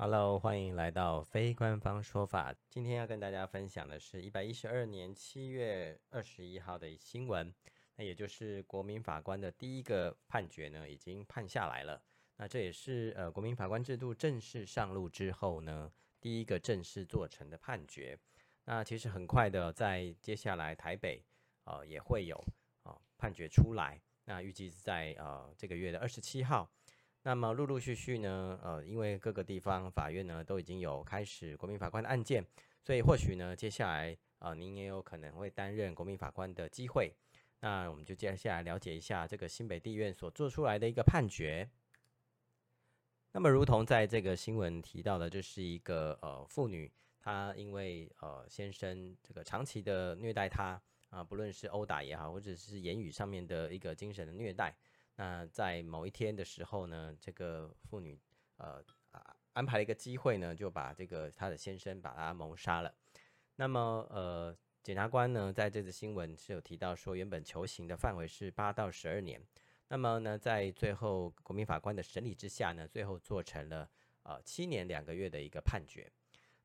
Hello，歡迎來到非官方說法。今天要跟大家分享的是一百一十二年七月二十一號的新聞，那也就是國民法官的第一個判決呢，已經判下來了。那這也是呃國民法官制度正式上路之後呢，第一個正式做成的判決。那其實很快的，在接下來台北啊，呃，也會有啊，呃，判決出來。那預計在呃這個月的二十七號。那麼陸陸續續呢，呃，因為各個地方法院呢都已經有開始國民法官的案件，所以或許呢，接下來啊、呃，您也有可能會擔任國民法官的機會。那我們就接下來了解一下這個新北地院所做出來的一個判決。那麼，如同在這個新聞提到的，就是一個呃婦女，她因為呃先生這個長期的虐待她啊、呃，不論是毆打也好，或者是言語上面的一個精神的虐待。那在某一天的時候呢，這個婦女呃啊安排了一個機會呢，就把這個她的先生把他謀殺了。那麼呃，檢察官呢在這則新聞是有提到說，原本求刑的範圍是八到十二年。那麼呢，在最後國民法官的審理之下呢，最後做成了呃七年兩個月的一個判決。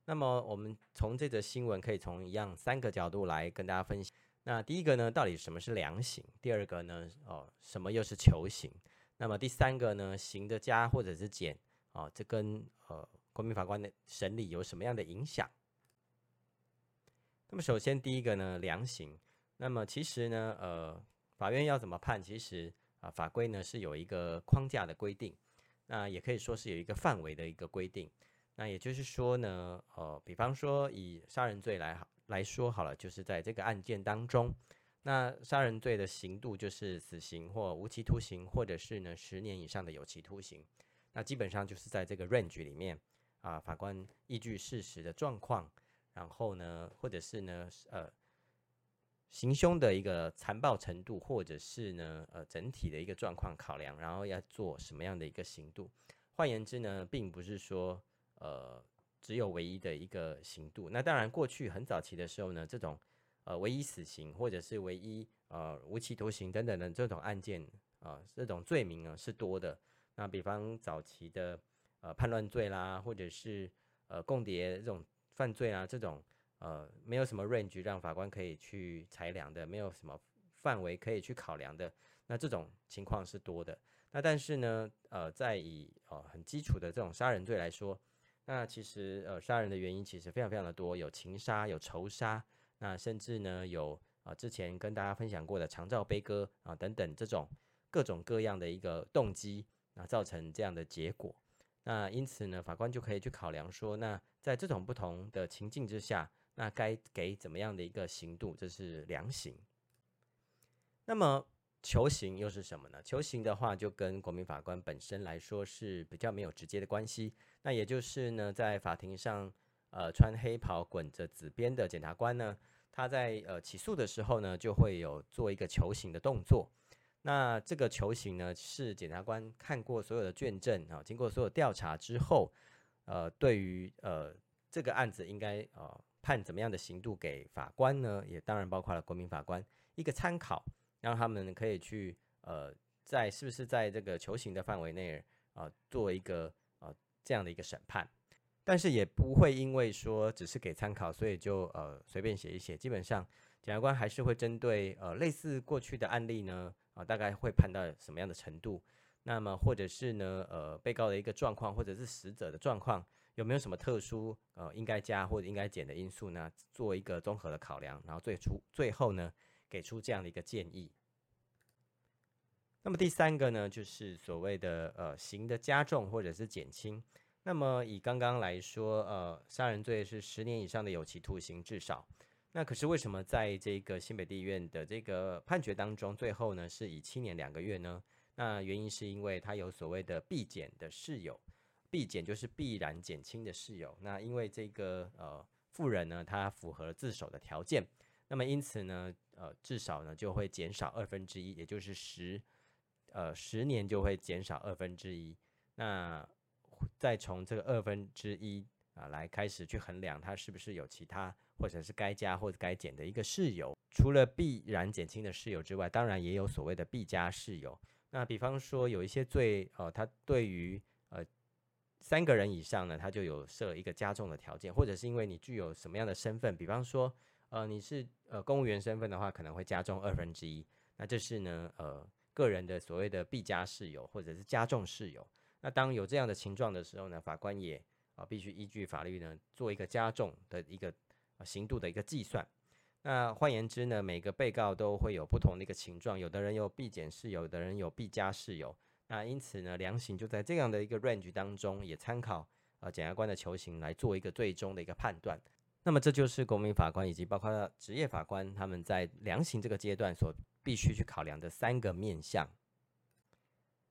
那麼我們從這則新聞可以從一樣三個角度來跟大家分享。那第一個呢，到底什麼是量刑？第二個呢，哦，什麼又是求刑？那麼第三個呢，刑的加或者是減，哦，這跟呃國民法官的審理有什麼樣的影響？那麼首先第一個呢，量刑。那麼其實呢，呃，法院要怎麼判，其實啊，呃，法規呢是有一個框架的規定，那也可以說是有一個範圍的一個規定。那也就是說呢，呃，比方說以殺人罪來好。來說好了，就是在這個案件當中，那殺人罪的刑度就是死刑或無期徒刑，或者是呢十年以上的有期徒刑。那基本上就是在這個 range 裡面啊，法官依據事實的狀況，然後呢，或者是呢，呃，行兇的一個殘暴程度，或者是呢，呃，整體的一個狀況考量，然後要做什麼樣的一個刑度？換言之呢，並不是說，呃。只有唯一的一個刑度。那當然，過去很早期的時候呢，這種呃唯一死刑或者是唯一呃無期徒刑等等的這種案件啊、呃，這種罪名呢是多的。那比方早期的呃叛亂罪啦，或者是呃共諜這種犯罪啊，這種呃沒有什麼 range 讓法官可以去裁量的，沒有什麼範圍可以去考量的。那這種情況是多的。那但是呢，呃，在以呃很基礎的這種殺人罪來說。那其實，呃，殺人的原因其實非常非常的多，有情殺，有仇殺，那甚至呢有啊、呃，之前跟大家分享過的長照悲歌啊、呃、等等這種各種各樣的一個動機，那、呃、造成這樣的結果。那因此呢，法官就可以去考量說，那在這種不同的情境之下，那該給怎麼樣的一個刑度，這是量刑。那麼。求刑又是什麼呢？求刑的話，就跟國民法官本身來說是比較沒有直接的關係。那也就是呢，在法庭上，呃，穿黑袍、滾着紫邊的檢察官呢，他在呃起訴的時候呢，就會有做一個求刑的動作。那這個求刑呢，是檢察官看過所有的卷證啊、呃，經過所有調查之後，呃，對於呃這個案子應該呃判怎麼樣的刑度給法官呢？也當然包括了國民法官一個參考。讓他們可以去呃，在是不是在這個求刑的範圍內啊，做一個呃，這樣的一個審判，但是也不會因為說只是給參考，所以就呃隨便寫一寫。基本上檢察官還是會針對呃類似過去的案例呢啊、呃，大概會判到什麼樣的程度？那麼或者是呢呃被告的一個狀況，或者是死者的狀況有沒有什麼特殊呃應該加或者應該減的因素呢？做一個綜合的考量，然後最初最後呢，給出這樣的一個建議。那麼第三個呢，就是所謂的呃刑的加重或者是減輕。那麼以剛剛來說，呃，殺人罪是十年以上的有期徒刑至少。那可是為什麼在這個新北地院的這個判決當中，最後呢是以七年兩個月呢？那原因是因為他有所謂的必減的事由，必減就是必然減輕的事由。那因為這個呃富人呢，他符合自首的條件，那麼因此呢。呃，至少呢，就會減少二分之一，也就是十，呃，十年就會減少二分之一。那再從這個二分之一啊來開始去衡量，它是不是有其他或者是該加或者該減的一個事由？除了必然減輕的事由之外，當然也有所謂的必加事由。那比方說，有一些罪，呃，它對於呃三個人以上呢，它就有設一個加重的條件，或者是因為你具有什麼樣的身份，比方說。呃，你是呃公務員身份的話，可能會加重二分之一。2，那這是呢，呃，個人的所謂的必加事由或者是加重事由。那當有這樣的情況的時候呢，法官也啊、呃、必須依據法律呢做一個加重的一個刑度、呃、的一個計算。那換言之呢，每個被告都會有不同的一個情狀，有的人有必減事由，有的人有必加事由。那因此呢，量刑就在這樣的一個 range 當中，也參考呃檢察官的求刑來做一個最終的一個判斷。那麼這就是國民法官以及包括職業法官他們在量刑這個階段所必須去考量的三個面向。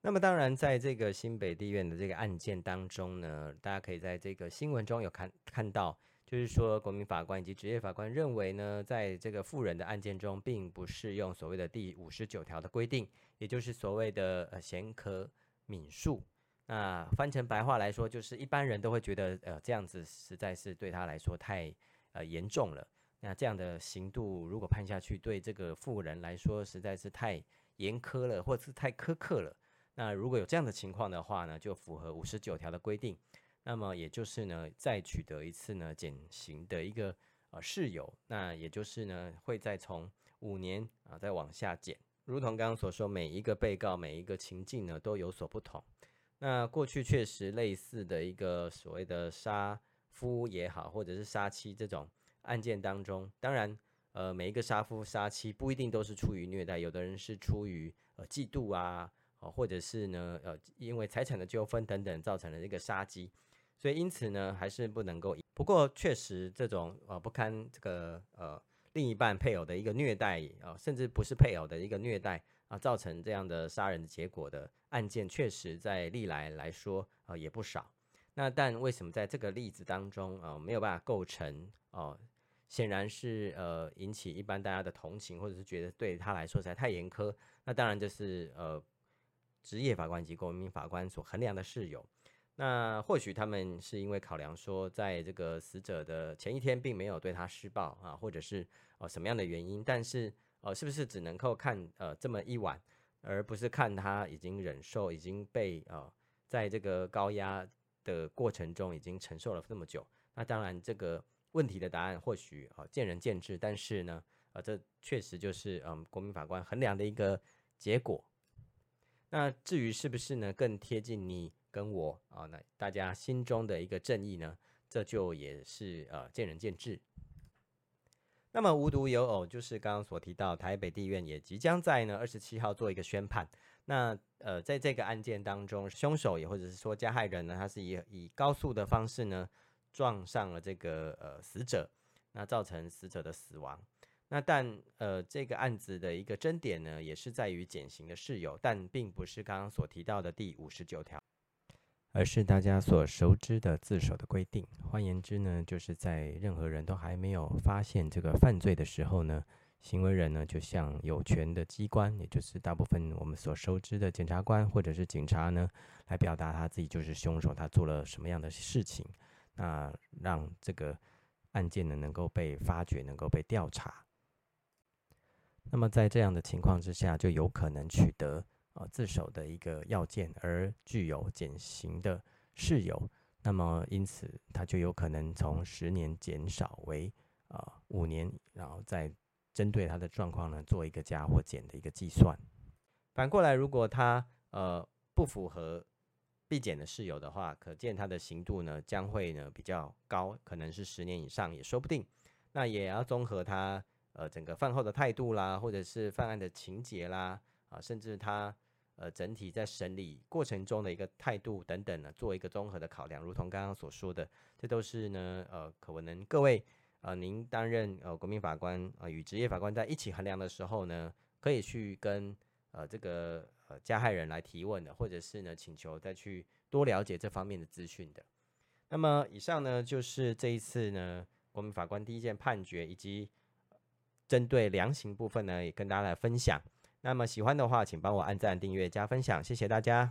那麼當然，在這個新北地院的這個案件當中呢，大家可以在這個新聞中有看看到，就是說國民法官以及職業法官認為呢，在這個富人的案件中，並不適用所謂的第五十九條的規定，也就是所謂的呃顯可憫恕。那翻成白話來說，就是一般人都會覺得，呃，這樣子實在是對他來說太，呃，嚴重了。那這樣的刑度如果判下去，對這個婦人來說實在是太嚴苛了，或是太苛刻了。那如果有這樣的情況的話呢，就符合五十九條的規定。那麼也就是呢，再取得一次呢減刑的一個呃事由，那也就是呢會再從五年啊再往下減。如同剛剛所說，每一個被告每一個情境呢都有所不同。那過去確實類似的一個所謂的殺夫也好，或者是殺妻這種案件當中，當然，呃，每一個殺夫殺妻不一定都是出於虐待，有的人是出於呃嫉妒啊，啊，或者是呢呃因為財產的糾紛等等造成了這個殺機，所以因此呢還是不能夠。不過確實這種呃不堪這個呃另一半配偶的一個虐待啊，甚至不是配偶的一個虐待。啊，造成這樣的殺人的結果的案件，確實在歷來來說，呃，也不少。那但為什麼在這個例子當中，啊、呃，沒有辦法構成？哦、呃，顯然是呃，引起一般大家的同情，或者是覺得對他來說實在太嚴苛。那當然就是呃，職業法官及國民法官所衡量的事由。那或許他們是因為考量說，在這個死者的前一天，並沒有對他施暴啊，或者是呃什麼樣的原因，但是。哦、呃，是不是只能夠看呃這麼一晚，而不是看他已經忍受，已經被呃在這個高壓的過程中已經承受了這麼久？那當然這個問題的答案或許啊、呃、見仁見智，但是呢啊、呃、這確實就是嗯、呃、國民法官衡量的一個結果。那至於是不是呢更貼近你跟我啊那、呃、大家心中的一個正義呢，這就也是呃見仁見智。那麼無獨有偶，就是剛剛所提到，台北地院也即將在呢二十七號做一個宣判。那呃，在這個案件當中，兇手也或者是說加害人呢，他是以以高速的方式呢撞上了這個呃死者，那造成死者的死亡。那但呃，這個案子的一個爭點呢，也是在於減刑的事由，但並不是剛剛所提到的第五十九條。而是大家所熟知的自首的規定，換言之呢，就是在任何人都還沒有發現這個犯罪的時候呢，行為人呢就向有權的機關，也就是大部分我們所熟知的檢察官或者是警察呢，來表達他自己就是兇手，他做了什麼樣的事情，那讓這個案件呢能夠被發覺，能夠被調查。那麼在這樣的情況之下，就有可能取得。呃，自首的一個要件，而具有減刑的事由，那麼因此，他就有可能從十年減少為啊、呃、五年，然後再針對他的狀況呢，做一個加或減的一個計算。反過來，如果他呃不符合必減的事由的話，可見他的刑度呢將會呢比較高，可能是十年以上也說不定。那也要綜合他呃整個犯後的態度啦，或者是犯案的情節啦，啊、呃，甚至他。呃，整體在審理過程中的一個態度等等呢，做一個綜合的考量。如同剛剛所說的，這都是呢，呃，可能各位呃，您擔任呃國民法官呃與職業法官在一起衡量的時候呢，可以去跟呃這個呃加害人來提問的，或者是呢請求再去多了解這方面的資訊的。那麼以上呢，就是這一次呢國民法官第一件判決以及針對量刑部分呢，也跟大家來分享。那麼喜歡的話，請幫我按贊、訂閱、加分享，謝謝大家。